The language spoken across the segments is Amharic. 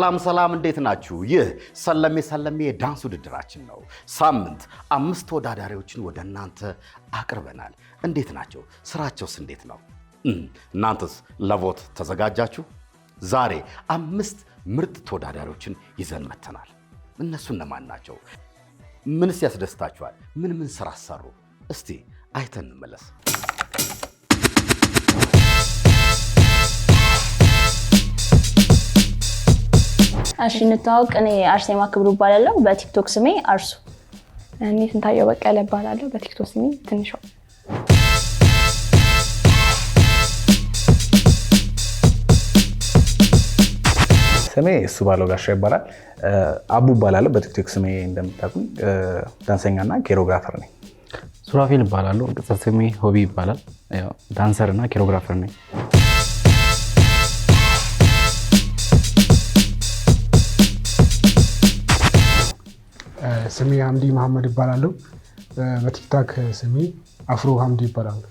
ሰላም ሰላም፣ እንዴት ናችሁ? ይህ ሰለሜ ሰለሜ የዳንስ ውድድራችን ነው። ሳምንት አምስት ተወዳዳሪዎችን ወደ እናንተ አቅርበናል። እንዴት ናቸው? ስራቸውስ እንዴት ነው? እናንተስ ለቮት ተዘጋጃችሁ? ዛሬ አምስት ምርጥ ተወዳዳሪዎችን ይዘን መተናል። እነሱ እነማን ናቸው? ምንስ ያስደስታችኋል? ምን ምን ስራ ሰሩ? እስቲ አይተን እንመለስ። እሺ እንተዋወቅ። እኔ አርሴማ ክብሩ እባላለሁ። በቲክቶክ ስሜ አርሱ። እኔ ስንታየው በቀለ እባላለሁ። በቲክቶክ ስሜ ትንሿ። ስሜ እሱ ባለው ጋሻ ይባላል። አቡ እባላለሁ። በቲክቶክ ስሜ እንደምታውቁኝ ዳንሰኛና ኬሮግራፈር ነኝ። ሱራፌል እባላለሁ። ቅጽል ስሜ ሆቢ ይባላል። ዳንሰር እና ኬሮግራፈር ነኝ። ስሜ ሀምዲ መሐመድ ይባላለሁ። በቲክታክ ስሜ አፍሮ ሀምዲ ይባላሉ።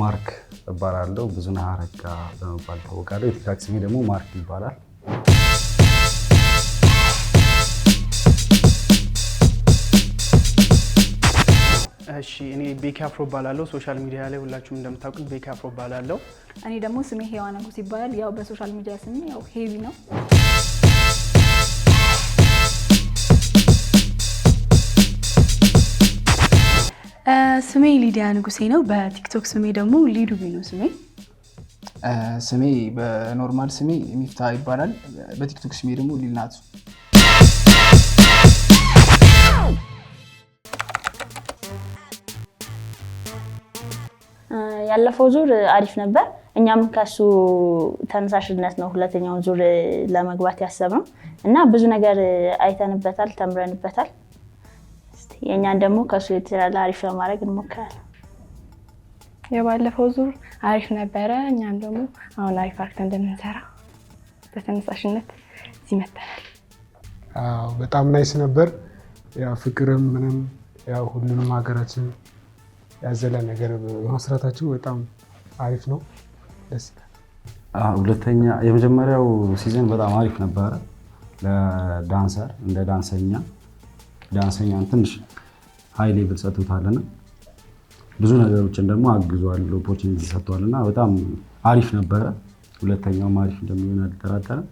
ማርክ እባላለሁ። ብዙነህ አረጋ በመባል ታወቃለሁ። የቲክታክ ስሜ ደግሞ ማርክ ይባላል። እሺ እኔ ቤኪ አፍሮ እባላለሁ። ሶሻል ሚዲያ ላይ ሁላችሁም እንደምታውቁት ቤኪ አፍሮ እባላለሁ። እኔ ደግሞ ስሜ ነጉስ ይባላል። ያው በሶሻል ሚዲያ ስሜ ያው ሄቪ ነው። ስሜ ሊዲያ ንጉሴ ነው። በቲክቶክ ስሜ ደግሞ ሊዱቢ ነው ስሜ። ስሜ በኖርማል ስሜ ሚፍታ ይባላል። በቲክቶክ ስሜ ደግሞ ሊልናቱ። ያለፈው ዙር አሪፍ ነበር። እኛም ከሱ ተነሳሽነት ነው ሁለተኛውን ዙር ለመግባት ያሰብነው እና ብዙ ነገር አይተንበታል፣ ተምረንበታል። የእኛን ደግሞ ከእሱ የተሻለ አሪፍ ለማድረግ እንሞክራለን። የባለፈው ዙር አሪፍ ነበረ። እኛም ደግሞ አሁን አሪፍ አርክተ እንደምንሰራ በተነሳሽነት እዚህ መተናል። በጣም ናይስ ነበር። ያው ፍቅርም ምንም ያው ሁሉንም ሀገራችን ያዘለ ነገር በመስራታችሁ በጣም አሪፍ ነው፣ ደስ ሁለተኛ የመጀመሪያው ሲዘን በጣም አሪፍ ነበረ ለዳንሰር እንደ ዳንሰኛ ዳንሰኛን ትንሽ ሀይ ሌቭል ሰጥቶታልና ብዙ ነገሮችን ደግሞ አግዟል፣ ኦፖርቹኒቲ ሰጥቷልና በጣም አሪፍ ነበረ። ሁለተኛውም አሪፍ እንደሚሆን አልጠራጠርም።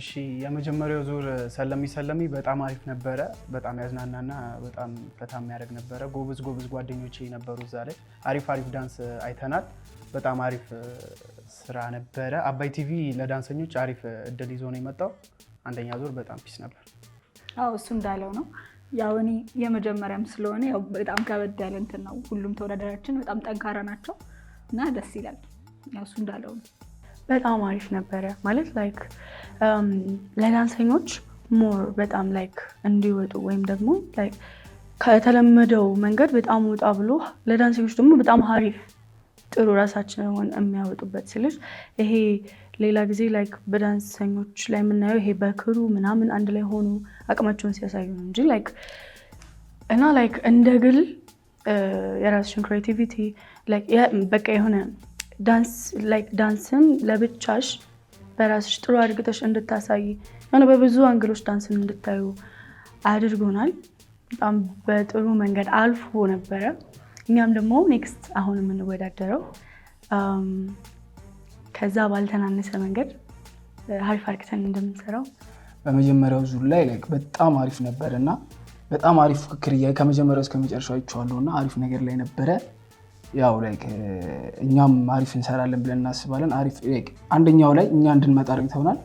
እሺ የመጀመሪያው ዙር ሰለሚ ሰለሚ በጣም አሪፍ ነበረ። በጣም ያዝናናና በጣም ፈታ የሚያደርግ ነበረ። ጎብዝ ጎብዝ ጓደኞቼ ነበሩ እዛ ላይ አሪፍ አሪፍ ዳንስ አይተናል። በጣም አሪፍ ስራ ነበረ። አባይ ቲቪ ለዳንሰኞች አሪፍ እድል ይዞ ነው የመጣው። አንደኛ ዙር በጣም ፒስ ነበር። አዎ እሱ እንዳለው ነው። ያው እኔ የመጀመሪያም ስለሆነ ያው በጣም ከበድ ያለ እንትን ነው። ሁሉም ተወዳዳሪያችን በጣም ጠንካራ ናቸው እና ደስ ይላል። ያው እሱ እንዳለው ነው። በጣም አሪፍ ነበረ ማለት ላይክ um, ለዳንሰኞች ሞር በጣም ላይክ እንዲወጡ ወይም ደግሞ ላይክ ከተለመደው መንገድ በጣም ወጣ ብሎ ለዳንሰኞች ደግሞ በጣም አሪፍ ጥሩ ራሳችን የሚያወጡበት ስልሽ ይሄ ሌላ ጊዜ ላይክ በዳንሰኞች ላይ የምናየው ይሄ በክሩ ምናምን አንድ ላይ ሆኑ አቅማቸውን ሲያሳዩ ነው እንጂ ላይክ እና ላይክ እንደ ግል የራስሽን ክሬቲቪቲ በቃ የሆነ ዳንስን ለብቻሽ በራስሽ ጥሩ አድርግተሽ እንድታሳይ የሆነ በብዙ አንግሎች ዳንስን እንድታዩ አድርጎናል። በጣም በጥሩ መንገድ አልፎ ነበረ። እኛም ደግሞ ኔክስት አሁን የምንወዳደረው ከዛ ባልተናነሰ መንገድ ሀሪፍ አርክተን እንደምንሰራው በመጀመሪያው ዙር ላይ በጣም አሪፍ ነበር እና በጣም አሪፍ ፍክክር እያ ከመጀመሪያው እስከ መጨረሻ ይቸዋለሁ እና አሪፍ ነገር ላይ ነበረ። ያው እኛም አሪፍ እንሰራለን ብለን እናስባለን። አሪፍ አንደኛው ላይ እኛ እንድንመጣ አርግተውናል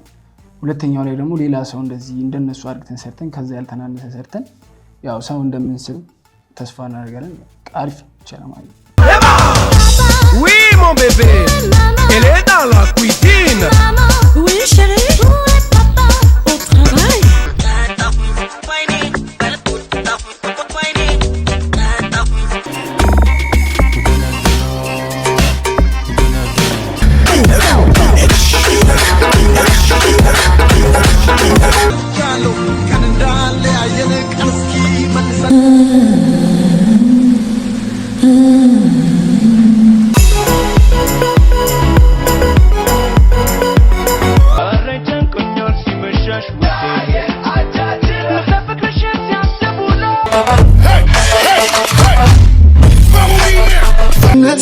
ሁለተኛው ላይ ደግሞ ሌላ ሰው እንደዚህ እንደነሱ አርግተን ሰርተን ከዛ ያልተናነሰ ሰርተን ያው ሰው እንደምንስል ተስፋ እናደርጋለን። አሪፍ ይቻለ ማለት ነው። Oui, mon bébé, elle est dans la cuisine. oui, chérie.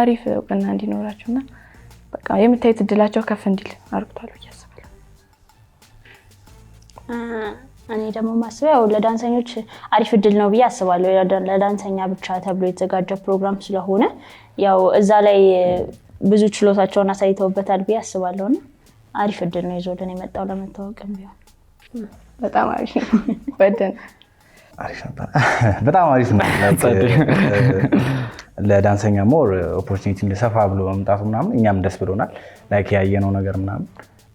አሪፍ እውቅና እንዲኖራቸውና በቃ የምታዩት እድላቸው ከፍ እንዲል አድርጎታል ብዬ አስባለሁ። እኔ ደግሞ ማስበው ያው ለዳንሰኞች አሪፍ እድል ነው ብዬ አስባለሁ። ለዳንሰኛ ብቻ ተብሎ የተዘጋጀ ፕሮግራም ስለሆነ ያው እዛ ላይ ብዙ ችሎታቸውን አሳይተውበታል ብዬ አስባለሁ እና አሪፍ እድል ነው ይዞልን የመጣው ለመታወቅም ቢሆን በጣም አሪፍ ነው። በደን አሪፍ ነበር። በጣም አሪፍ ነው። ለዳንሰኛ ሞር ኦፖርቹኒቲ እንደሰፋ ብሎ መምጣቱ ምናምን እኛም ደስ ብሎናል። ላይክ ያየነው ነገር ምናምን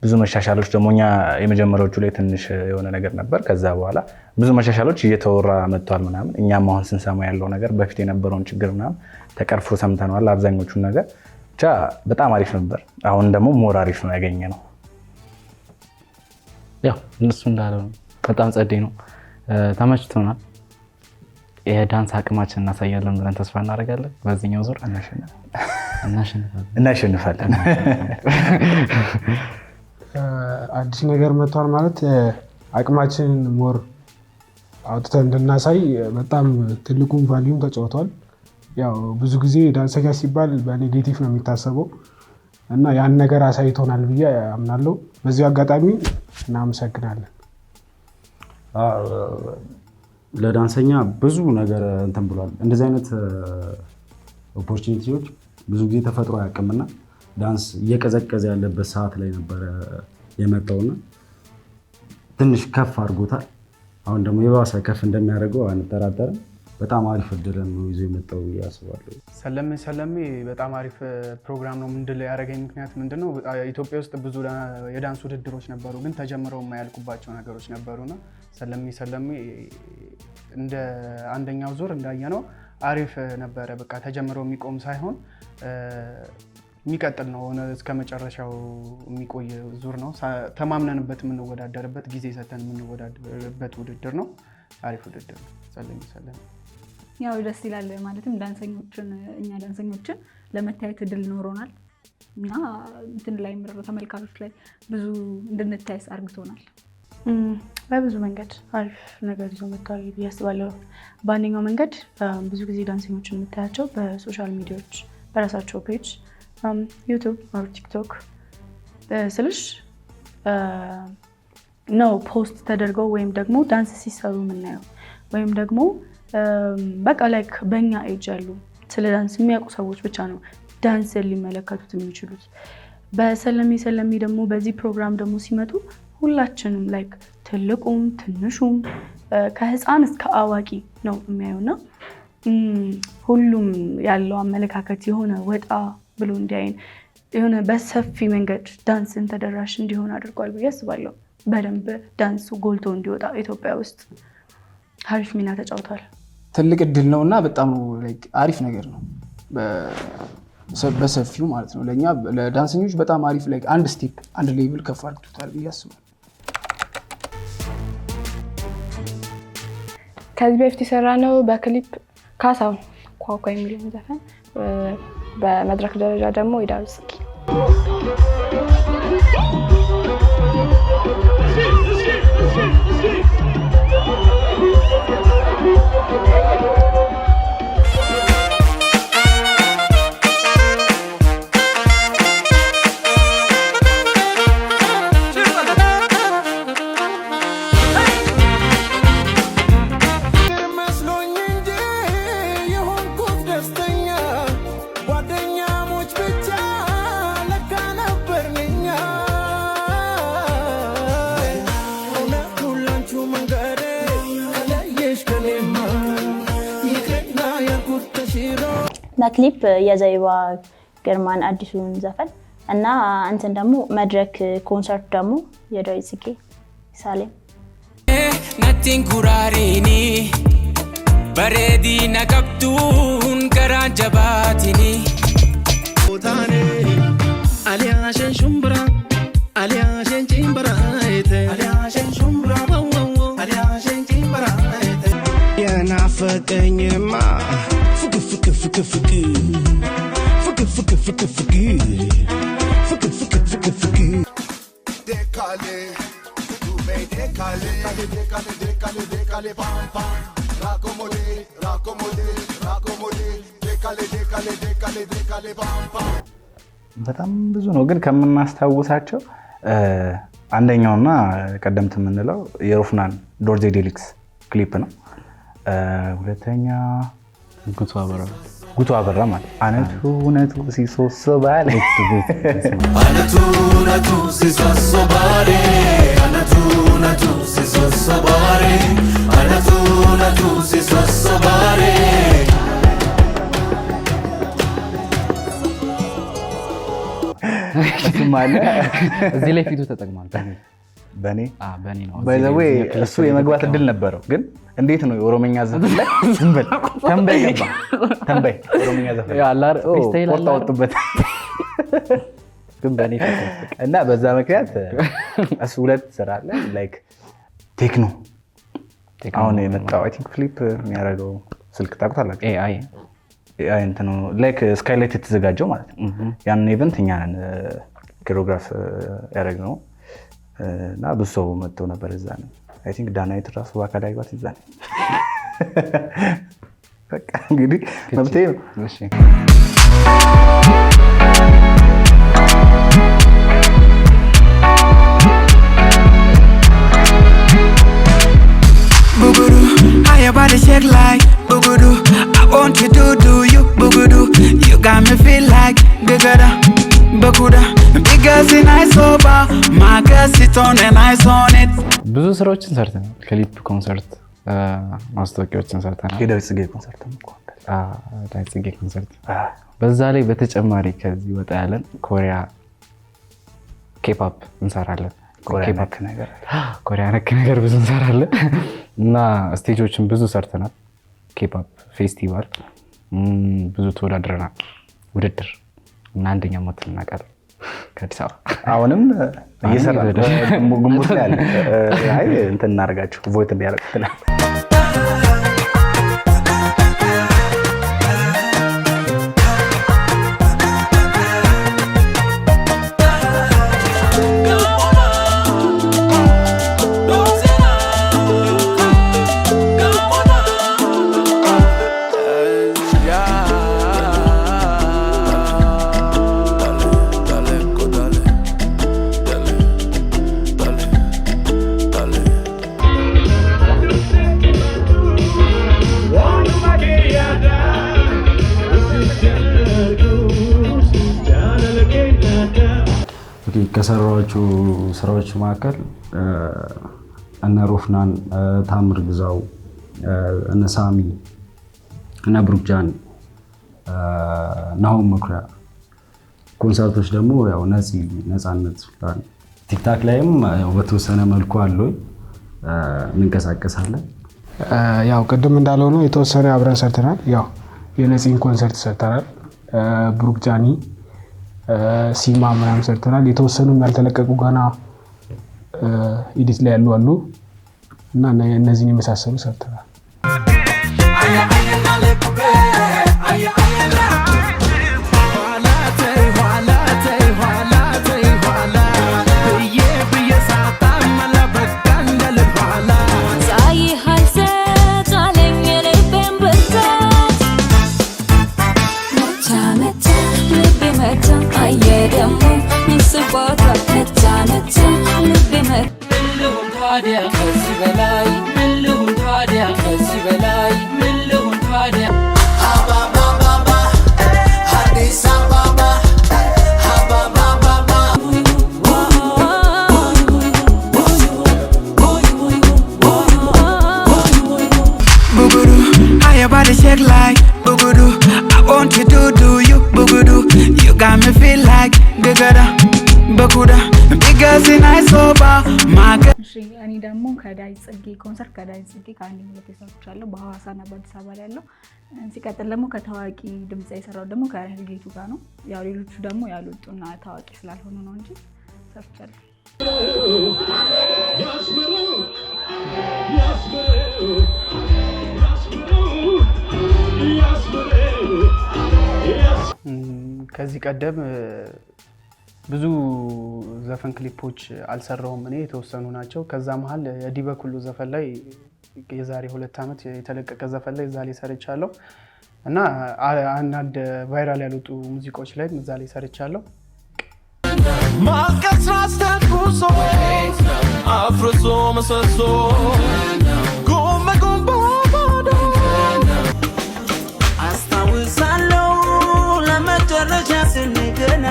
ብዙ መሻሻሎች ደግሞ እኛ የመጀመሪያዎቹ ላይ ትንሽ የሆነ ነገር ነበር። ከዛ በኋላ ብዙ መሻሻሎች እየተወራ መጥቷል ምናምን እኛም አሁን ስንሰማ ያለው ነገር በፊት የነበረውን ችግር ምናምን ተቀርፎ ሰምተነዋል አብዛኞቹን ነገር ብቻ በጣም አሪፍ ነበር። አሁን ደግሞ ሞር አሪፍ ነው ያገኘ ነው። ያው እነሱ እንዳለ በጣም ጸደይ ነው፣ ተመችቶናል። የዳንስ አቅማችን እናሳያለን ብለን ተስፋ እናደርጋለን። በዚህኛው ዙር እናሸንፋለን። አዲስ ነገር መጥቷል ማለት አቅማችንን ሞር አውጥተን እንድናሳይ በጣም ትልቁን ቫሊዩም ተጫውቷል። ያው ብዙ ጊዜ ዳንሰኛ ሲባል በኔጌቲቭ ነው የሚታሰበው እና ያን ነገር አሳይቶናል ብዬ አምናለሁ። በዚሁ አጋጣሚ እናመሰግናለን። ለዳንሰኛ ብዙ ነገር እንትን ብሏል። እንደዚህ አይነት ኦፖርቹኒቲዎች ብዙ ጊዜ ተፈጥሮ አያውቅምና ዳንስ እየቀዘቀዘ ያለበት ሰዓት ላይ ነበረ የመጣውና ትንሽ ከፍ አድርጎታል። አሁን ደግሞ የባሰ ከፍ እንደሚያደርገው አንጠራጠርም። በጣም አሪፍ እድል ነው ይዞ የመጣው ያስባለሁ። ሰለሜ ሰለሜ በጣም አሪፍ ፕሮግራም ነው። ምንድን ያደረገኝ ምክንያት ምንድን ነው? ኢትዮጵያ ውስጥ ብዙ የዳንስ ውድድሮች ነበሩ፣ ግን ተጀምረው የማያልቁባቸው ነገሮች ነበሩና ሰለሜ ሰለሜ እንደ አንደኛው ዙር እንዳየነው አሪፍ ነበረ። በቃ ተጀምረው የሚቆም ሳይሆን የሚቀጥል ነው እስከ መጨረሻው የሚቆይ ዙር ነው። ተማምነንበት የምንወዳደርበት ጊዜ ሰተን የምንወዳደርበት ውድድር ነው። አሪፍ ውድድር ነው። ሰለሜ ሰለሜ ያው ደስ ይላል። ማለትም ዳንሰኞችን እኛ ዳንሰኞችን ለመታየት እድል ኖሮናል እና እንትን ላይ ተመልካቾች ላይ ብዙ እንድንታይስ አርግቶናል። በብዙ መንገድ አሪፍ ነገር ይዞ መጥቷል ብዬ አስባለሁ። በአንደኛው መንገድ ብዙ ጊዜ ዳንሰኞች የምታያቸው በሶሻል ሚዲያዎች በራሳቸው ፔጅ ዩቱብ ኦር ቲክቶክ ስልሽ ነው ፖስት ተደርገው ወይም ደግሞ ዳንስ ሲሰሩ የምናየው ወይም ደግሞ በቃ ላይክ በእኛ ኤጅ ያሉ ስለ ዳንስ የሚያውቁ ሰዎች ብቻ ነው ዳንስ ሊመለከቱት የሚችሉት። በሰለሜ ሰለሜ ደግሞ በዚህ ፕሮግራም ደግሞ ሲመጡ ሁላችንም ላይክ ትልቁም ትንሹም ከህፃን እስከ አዋቂ ነው የሚያየውና ሁሉም ያለው አመለካከት የሆነ ወጣ ብሎ እንዲያይን የሆነ በሰፊ መንገድ ዳንስን ተደራሽ እንዲሆን አድርጓል ብዬ አስባለሁ። በደንብ ዳንሱ ጎልቶ እንዲወጣ ኢትዮጵያ ውስጥ ሀሪፍ ሚና ተጫውቷል። ትልቅ እድል ነው እና በጣም አሪፍ ነገር ነው በሰፊው ማለት ነው። ለእኛ ለዳንሰኞች በጣም አሪፍ ላይ አንድ ስቴፕ አንድ ሌቭል ከፍ አድርጎታል ብዬ አስባለሁ። ከዚህ በፊት የሰራ ነው በክሊፕ ካሳሁን ኳኳ የሚለውን ዘፈን በመድረክ ደረጃ ደግሞ የዳዊት ክሊፕ የዘይዋ ግርማን አዲሱን ዘፈን እና እንትን ደግሞ መድረክ ኮንሰርት ደግሞ የዳዊት ጽጌ ሳሌም ነቲን ጉራሬኒ በሬዲነ ቀብቱን ገራን ጀባቲኒ ቦታኔ ፍቅር ፍቅር ፍቅር ፍቅር ፍቅር ፍቅር ፍቅር ፍቅር ፍቅር ፍቅር décalé tout mais décalé décalé décalé décalé pam pam raccommodé raccommodé raccommodé décalé décalé décalé décalé pam pam በጣም ብዙ ነው ግን ከምናስታውሳቸው አንደኛውና ቀደምት የምንለው የሮፍናን ዶርዜ ዴሊክስ ክሊፕ ነው። ሁለተኛ ጉቱ አበራ ጉቶ አበራ ማለት አነቱ እውነቱ ሲሶሶ ባሌ አነቱ እውነቱ ሲሶሶ ባሌ አነቱ እውነቱ ሲሶሶ ባሌ አነቱ እውነቱ ሲሶሶ ባሌ እዚህ ላይ ፊቱ ተጠቅሟል። በእኔ ባይዘዌይ እሱ የመግባት እድል ነበረው። ግን እንዴት ነው የኦሮመኛ ዘፈን ላይ ዝንበል ተንበይ ገባ ተንበይ ኦሮመኛ ዘፈን ወጣ ወጡበት ግን በእኔ እና በዛ ምክንያት እሱ ሁለት ስራ አለ ላይክ ቴክኖ አሁን የመጣው አይ ቲንክ ፍሊፕ የሚያደርገው ስልክ ታውቁታላችሁ። ላይክ ስካይላይት የተዘጋጀው ማለት ነው። ያንን ኢቨንት እኛን ኮሪዮግራፍ ያደረግነው እና ብዙ ሰው መጥተው ነበር እዛ ነው አይ ቲንክ ዳናዊት ራሱ በአካል እዛ ነው። በቃ እንግዲህ መብቴ ነው። ላይ ቡጉዱ አቆንት ብዙ ስራዎችን ሰርተናል። ክሊፕ፣ ኮንሰርት፣ ማስታወቂያዎችን ሰርተናል። ጽጌ ኮንሰርት ጽጌ ኮንሰርት። በዛ ላይ በተጨማሪ ከዚህ ወጣ ያለን ኮሪያ ኬፓፕ እንሰራለን። ኮሪያ ነክ ነገር ብዙ እንሰራለን እና ስቴጆችን ብዙ ሰርተናል። ኬፓፕ ፌስቲቫል ብዙ ተወዳድረናል። ውድድር እና አንደኛ ሞት እናውቃለን ከአዲስ አበባ አሁንም እየሰራ ግንቦት ላይ እንትን እናደርጋቸው ቮይት እንዲያደርግ ስራዎች መካከል እነ ሮፍናን፣ ታምር ግዛው፣ እነ ሳሚ፣ እነ ብሩክጃን፣ ናሆም መኩሪያ ኮንሰርቶች ደግሞ ያው ነፂ ነፃነት ቲክታክ ላይም ያው በተወሰነ መልኩ አለው እንንቀሳቀሳለን። ያው ቅድም እንዳለው ነው የተወሰነ አብረን ሰርተናል። ያው የነፂን ኮንሰርት ሰርተናል። ብሩክ ጃኒ ሲማ ምናምን ሰርተናል። የተወሰኑም ያልተለቀቁ ገና ኢዲት ላይ ያሉ አሉ እና እነዚህን የመሳሰሉ ሰርተናል። እኔ ደግሞ ከዳይ ጽጌ ኮንሰርት ከዳይ ጽጌ ከአንድ ሁለት የሰዎች በሐዋሳ እና በአዲስ አበባ ላይ ያለው። ሲቀጥል ደግሞ ከታዋቂ ድምፅ የሰራው ደግሞ ከጌቱ ጋር ነው። ያው ሌሎቹ ደግሞ ያልወጡና ታዋቂ ስላልሆኑ ነው እንጂ ሰርቻለሁ። ከዚህ ቀደም ብዙ ዘፈን ክሊፖች አልሰራውም እኔ የተወሰኑ ናቸው። ከዛ መሀል የዲበኩሉ ዘፈን ላይ የዛሬ ሁለት ዓመት የተለቀቀ ዘፈን ላይ እዛ ላይ ሰርቻለሁ እና አንዳንድ ቫይራል ያልወጡ ሙዚቃዎች ላይ እዛ ላይ ሰርቻለሁ። ማልቀስ አፍርሶ መሰሶ አስታውሳለሁ ለመጨረሻ ስንገና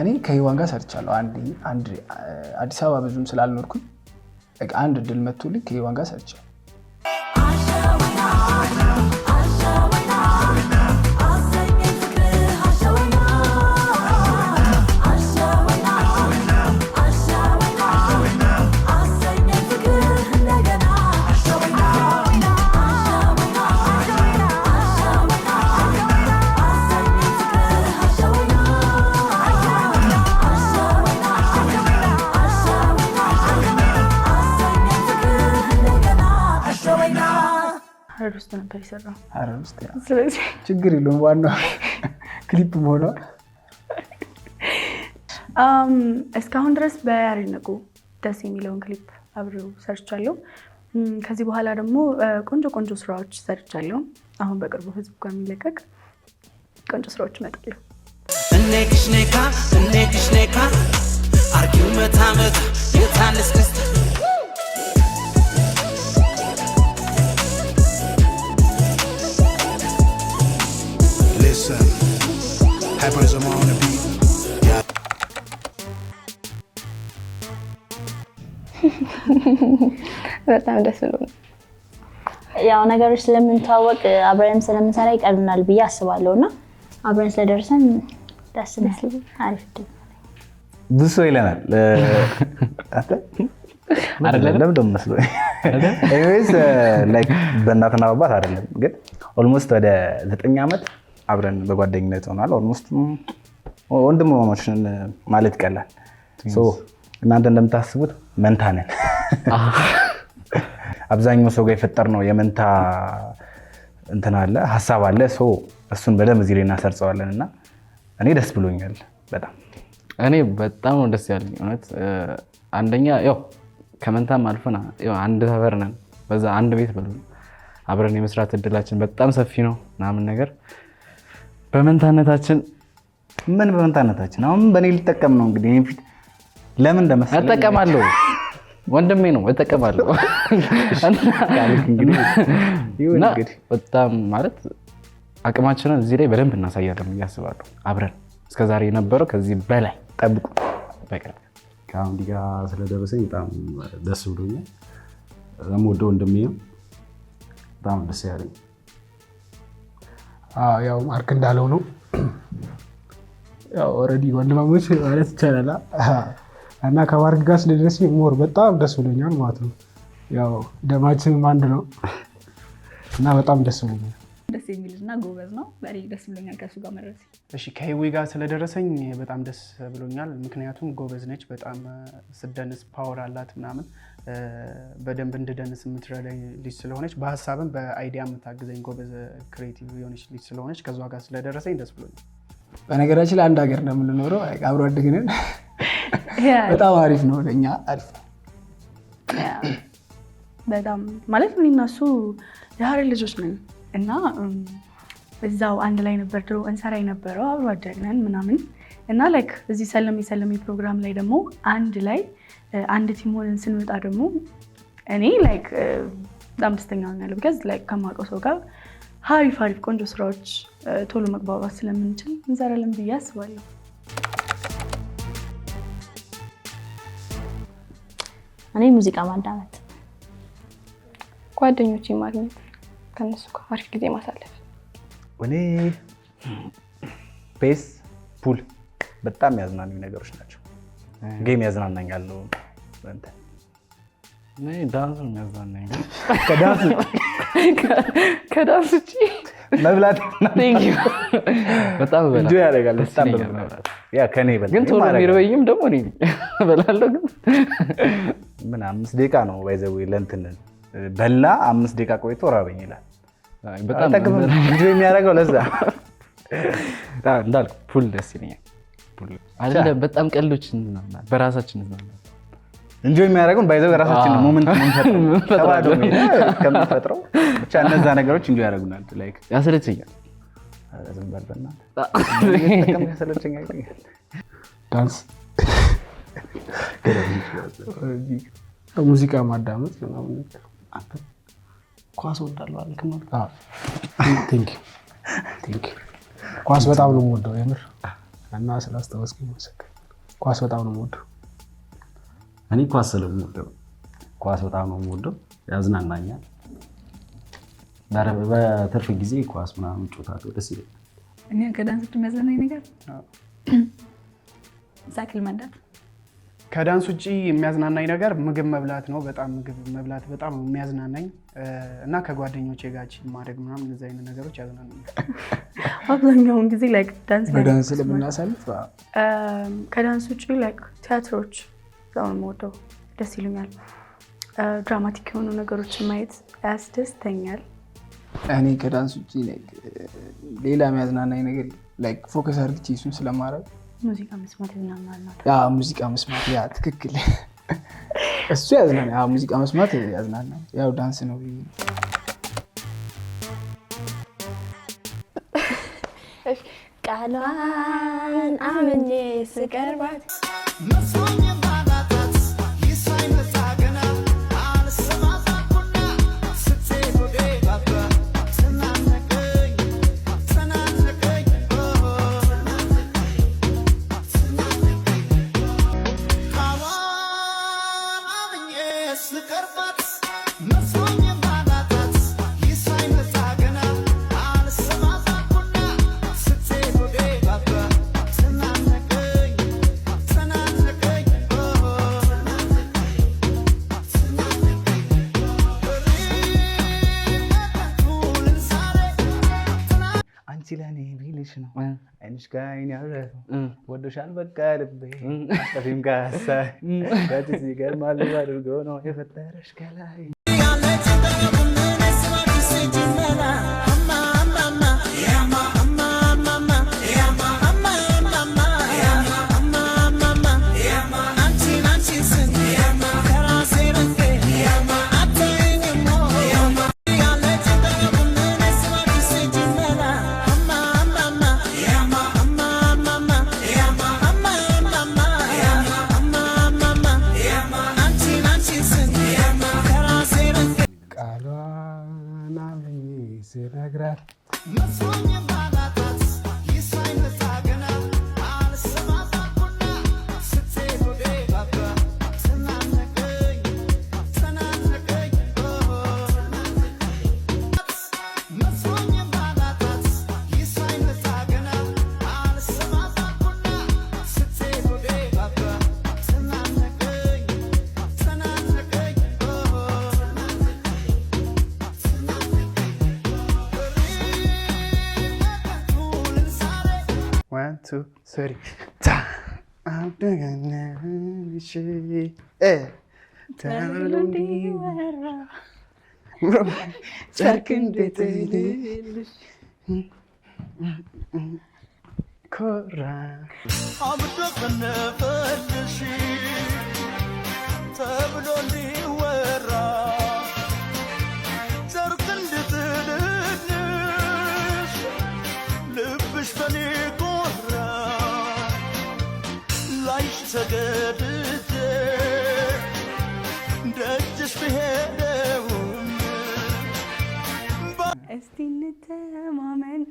እኔ ከህይዋን ጋር ሰርቻለሁ። አዲስ አበባ ብዙም ስላልኖርኩኝ አንድ እድል መቶልኝ ከህይዋን ጋር ሰርቻለሁ። ሀረር ውስጥ ነበር የሰራው። ሀረር ውስጥ ስለዚህ ችግር የለውም። ዋናው ክሊፕ መሆኗ እስካሁን ድረስ በያሪነቁ ደስ የሚለውን ክሊፕ አብሬው ሰርቻለሁ። ከዚህ በኋላ ደግሞ ቆንጆ ቆንጆ ስራዎች ሰርቻለሁ። አሁን በቅርቡ ህዝብ ጋር የሚለቀቅ ቆንጆ ስራዎች ይመጣሉ። እኔ ክሽኔካ እኔ ክሽኔካ መታመት rappers are on the beat. በጣም ደስ ብሎ ያው ነገሮች ስለምንታወቅ አብረንም ስለምንሰራ ይቀሉናል ብዬ አስባለሁ እና አብረን ስለደርሰን ደስ ይላል። አሪፍ ድ ብሶ ሰው ይለናል። በእናትና አባት አይደለም ግን ኦልሞስት ወደ ዘጠኝ ዓመት አብረን በጓደኝነት ሆኗል። ኦልሞስት ወንድማማቾችን ማለት ይቀላል። እናንተ እንደምታስቡት መንታ ነን። አብዛኛው ሰው ጋር ነው የመንታ እንትን አለ ሀሳብ አለ። እሱን በደንብ እዚህ ላይ እናሰርጸዋለን እና እኔ ደስ ብሎኛል በጣም እኔ በጣም ነው ደስ ያለኝ እውነት። አንደኛ ያው ከመንታም አልፈን አንድ ሰፈር ነን፣ በዛ አንድ ቤት በሉ አብረን የመስራት እድላችን በጣም ሰፊ ነው ምናምን ነገር በመንታነታችን ምን በመንታነታችን አሁን በእኔ ልጠቀም ነው እንግዲህ ፊት ለምን እንደመሰለኝ እጠቀማለሁ። ወንድሜ ነው እጠቀማለሁ። እና በጣም ማለት አቅማችንን እዚህ ላይ በደንብ እናሳያለን ብዬ አብረን እስከዛሬ የነበረው ከዚህ በላይ ጠብቁ። በቅርብ ከአሁን ጋ ስለደረሰኝ በጣም ደስ ብሎኛል። በጣም ወደ ወንድሜ ነው በጣም ደስ ያለኝ ያው ማርክ እንዳለው ነው። ያው ኦልሬዲ ወንድማሞች ማለት ይቻላል እና ከማርክ ጋር ስለደረስ ሞር በጣም ደስ ብሎኛል ማለት ነው። ያው ደማችን አንድ ነው እና በጣም ደስ ብሎኛል። ደስ የሚል እና ጎበዝ ነው። በእኔ ደስ ብሎኛል ከሱ ጋር መድረስ። እሺ ከህዌ ጋር ስለደረሰኝ በጣም ደስ ብሎኛል። ምክንያቱም ጎበዝ ነች፣ በጣም ስደንስ ፓወር አላት ምናምን በደንብ እንድደንስ የምትረዳኝ ልጅ ስለሆነች በሀሳብም በአይዲያ የምታግዘኝ ጎበዝ ክሬቲቭ የሆነች ልጅ ስለሆነች ከዛ ጋር ስለደረሰኝ ደስ ብሎ በነገራችን ላይ አንድ ሀገር ነው የምንኖረው፣ አብሮ አድግንን በጣም አሪፍ ነው ለእኛ አሪፍ በጣም ማለት ምን እናሱ እሱ ልጆች ነን እና እዛው አንድ ላይ ነበር ድሮ እንሰራ የነበረው አብሮ አደግነን ምናምን እና ላይክ እዚህ ሰለሜ ሰለሜ ፕሮግራም ላይ ደግሞ አንድ ላይ አንድ ቲም ሆነን ስንወጣ ደግሞ እኔ ላይክ አምስተኛ ሆኛለሁ ቢካዝ ላይክ ከማውቀው ሰው ጋር ሀሪፍ ሀሪፍ ቆንጆ ስራዎች ቶሎ መግባባት ስለምንችል እንሰራለን ብዬ አስባለሁ። እኔ ሙዚቃ ማዳመጥ፣ ጓደኞች ማግኘት፣ ከነሱ ጋር አሪፍ ጊዜ ማሳለፍ። እኔ ቤስ ፑል በጣም ያዝናኙ ነገሮች ናቸው። ጌም ያዝናናኛል ከዳንስ ውጭ መብላት በጣም ያደርጋል። ከኔ ግን ቶሎ የሚርበኝም ደግሞ እበላለሁ። ግን ምን አምስት ደቂቃ ነው ባይዘዌ ለእንትን በላ አምስት ደቂቃ ቆይቶ ራበኝ ይላል። በጣም የሚያደርገው ለዛ እንዳልኩ ፑል ደስ ይለኛል። አለ በጣም ቀልዶች በራሳችን እንጆይ የሚያደርገውን ባይዘው ራሳችን ነው ሞመንት ከምንፈጥረው ብቻ እነዛ ነገሮች እንጆይ ያደርጉናል። ያሰለቸኛል ዳንስ፣ ሙዚቃ ማዳመጥ ኳስ ወዳለሁ ኳስ በጣም ነው የምወደው የምር እና ስላስታወስከኝ መሰከኝ። ኳስ በጣም ነው ሞዱ። እኔ ኳስ ስለምወደው ኳስ በጣም ነው የምወደው፣ ያዝናናኛል። በትርፍ ጊዜ ኳስ ምናምን ጮታለሁ፣ ደስ ይለኛል። እኔ ከዳንስ ድመዘናኝ ነገር ሳክል መንዳት ከዳንስ ውጭ የሚያዝናናኝ ነገር ምግብ መብላት ነው። በጣም ምግብ መብላት በጣም የሚያዝናናኝ እና ከጓደኞቼ ጋች ማድረግ ምናምን እንደዚህ አይነት ነገሮች ያዝናናኛል። አብዛኛውን ጊዜ በዳንስ ለምናሳልፍ ከዳንስ ውጭ ቲያትሮች ሁን የምወደው ደስ ይሉኛል። ድራማቲክ የሆኑ ነገሮችን ማየት ያስደስተኛል። እኔ ከዳንስ ውጭ ሌላ የሚያዝናናኝ ነገር ፎከስ አድርግቼ እሱን ስለማድረግ ሙዚቃ መስማት ያ ትክክል፣ እሱ ያዝናል። ሙዚቃ መስማት ያዝናና ያው ዳንስ ነው። ቃሏን አምኜ ስቀርባት ወዶሻል በቃ ልቤ ጠፊም ካሳ ሲገርማል አድርገው ነው የፈጠረሽ ከላይ Agra. two, three. 자, 앞다가는 시, 에, 달로니 와라. 물어봐. 작은 데들이 ኮራ አምደ ከነፈለሽ ተብሎ ሊወራ ተገብቼ ደጅሽ ብሄደውም እስቲ እንተማመን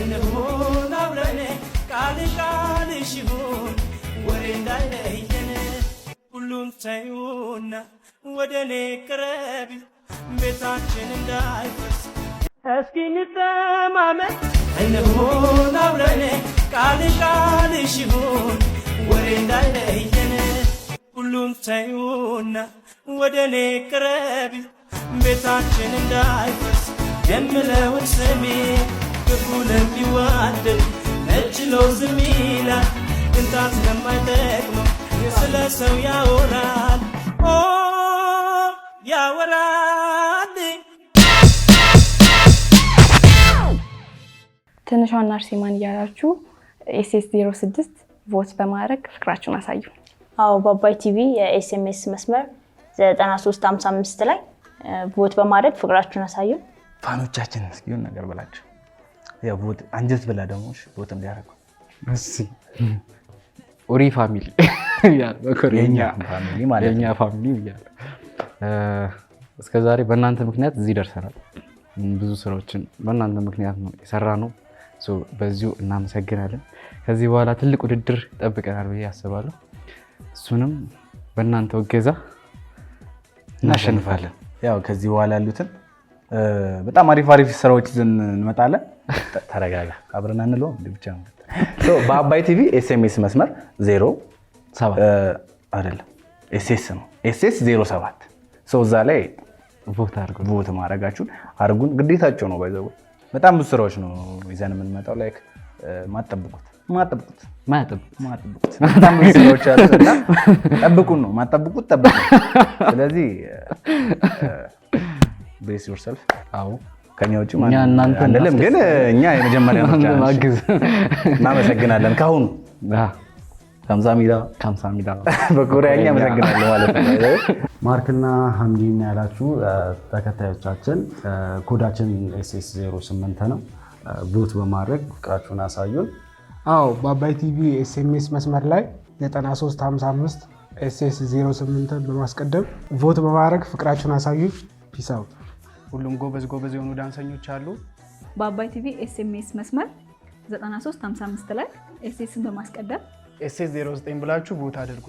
እንሁን አብረን ቃል ቃልሽ ይሁን ወሬ እንዳይለየን ሁሉም ተይውና ወደ እኔ ቅረቢ ቤታችን እንዳይፈርስ እስኪ እንተማመን እንሁን አብረን ቃል ቃልሽ ይሁን ተዩና ወደ እኔ ቅረቢ ቤታችን እንዳይፈርስ የምለውን ስሚ። ክፉ ለሚዋደድ እችሎ ዝም ይላል፣ ቅንጣት ስለማይጠቅመው ስለ ሰው ያወራል ያወራል። ትንሿን ናርሲማን እያላችሁ ኤስኤስ 06 ቮት በማድረግ ፍቅራችሁን አሳዩ። አዎ በአባይ ቲቪ የኤስኤምኤስ መስመር 9355 ላይ ቦት በማድረግ ፍቅራችሁን አሳዩ። ፋኖቻችን እስኪሆን ነገር ብላቸው ቦት አንጀት ብላ ደግሞ ቦት እንዲያደርጉ ኡሪ ፋሚሊ የኛ ፋሚሊ ብያለሁ። እስከዛሬ በእናንተ ምክንያት እዚህ ደርሰናል። ብዙ ስራዎችን በእናንተ ምክንያት ነው የሰራ ነው። በዚሁ እናመሰግናለን። ከዚህ በኋላ ትልቅ ውድድር ይጠብቀናል ብዬ አስባለሁ። እሱንም በእናንተው እገዛ እናሸንፋለን። ያው ከዚህ በኋላ ያሉትን በጣም አሪፍ አሪፍ ስራዎች ይዘን እንመጣለን። ተረጋጋ፣ አብረን አንለው ብቻ በአባይ ቲቪ ኤስኤምኤስ መስመር ዜሮ አይደለም ኤስኤስ ነው ኤስኤስ ዜሮ ሰባት ሰው እዛ ላይ ቮት ማድረጋችሁን አድርጉን፣ ግዴታቸው ነው። ባይዘ በጣም ብዙ ስራዎች ነው ይዘን የምንመጣው ላይክ ማጠብቁት ማጠብቁት ማጠብቁት በጣም ብዙ አሉ እና ጠብቁን ነው ማጠብቁት ጠብቁ። ስለዚህ ቤስ uh, ዮርሰልፍ አዎ ከኛ ውጭ ግን እኛ የመጀመሪያ እናመሰግናለን። ከአሁኑ ከምሳ ሚዳ ከምሳ ሚዳ በኮሪያኛ አመሰግናለሁ ማለት ነው። ማርክና ሀምዲን ያላችሁ ተከታዮቻችን ኮዳችን ኤስኤስ ዜሮ ስምንት ነው ቦት በማድረግ ፍቅራችሁን አሳዩን። አዎ በአባይ ቲቪ ኤስኤምኤስ መስመር ላይ 9355 ኤስኤስ 08ን በማስቀደም ቮት በማድረግ ፍቅራችሁን አሳዩ። ፒሳው ሁሉም ጎበዝ ጎበዝ የሆኑ ዳንሰኞች አሉ። በአባይ ቲቪ ኤስኤምኤስ መስመር 9355 ላይ ኤስኤስን በማስቀደም ኤስኤስ 09 ብላችሁ ቮት አድርጉ።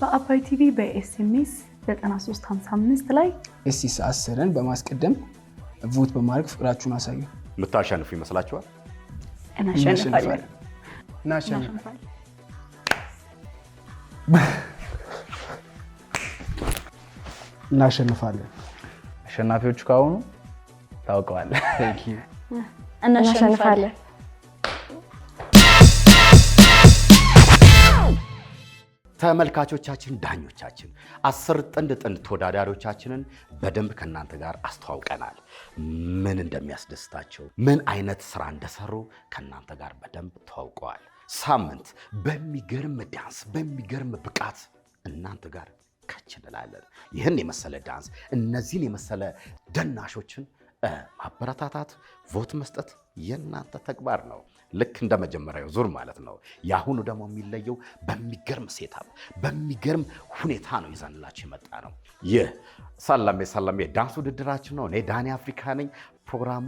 በአባይ ቲቪ በኤስኤምኤስ 9355 ላይ ኤስኤስ 10 በማስቀደም ቮት በማድረግ ፍቅራችሁን አሳዩ። የምታሸንፉ ይመስላችኋል? እናሸንፋለን። እናሸንፋለን። አሸናፊዎቹ ከአሁኑ ታውቀዋለህ። እናሸንፋለን። ተመልካቾቻችን፣ ዳኞቻችን አስር ጥንድ ጥንድ ተወዳዳሪዎቻችንን በደንብ ከእናንተ ጋር አስተዋውቀናል። ምን እንደሚያስደስታቸው፣ ምን አይነት ስራ እንደሰሩ ከእናንተ ጋር በደንብ ተዋውቀዋል። ሳምንት በሚገርም ዳንስ፣ በሚገርም ብቃት እናንተ ጋር ከች እንላለን። ይህን የመሰለ ዳንስ፣ እነዚህን የመሰለ ደናሾችን ማበረታታት፣ ቮት መስጠት የእናንተ ተግባር ነው። ልክ እንደ መጀመሪያው ዙር ማለት ነው። የአሁኑ ደግሞ የሚለየው በሚገርም ሴታፕ በሚገርም ሁኔታ ነው ይዘንላችሁ የመጣ ነው። ይህ ሰለሜ ሰለሜ ዳንስ ውድድራችን ነው። እኔ ዳኒ አፍሪካ ነኝ። ፕሮግራሙ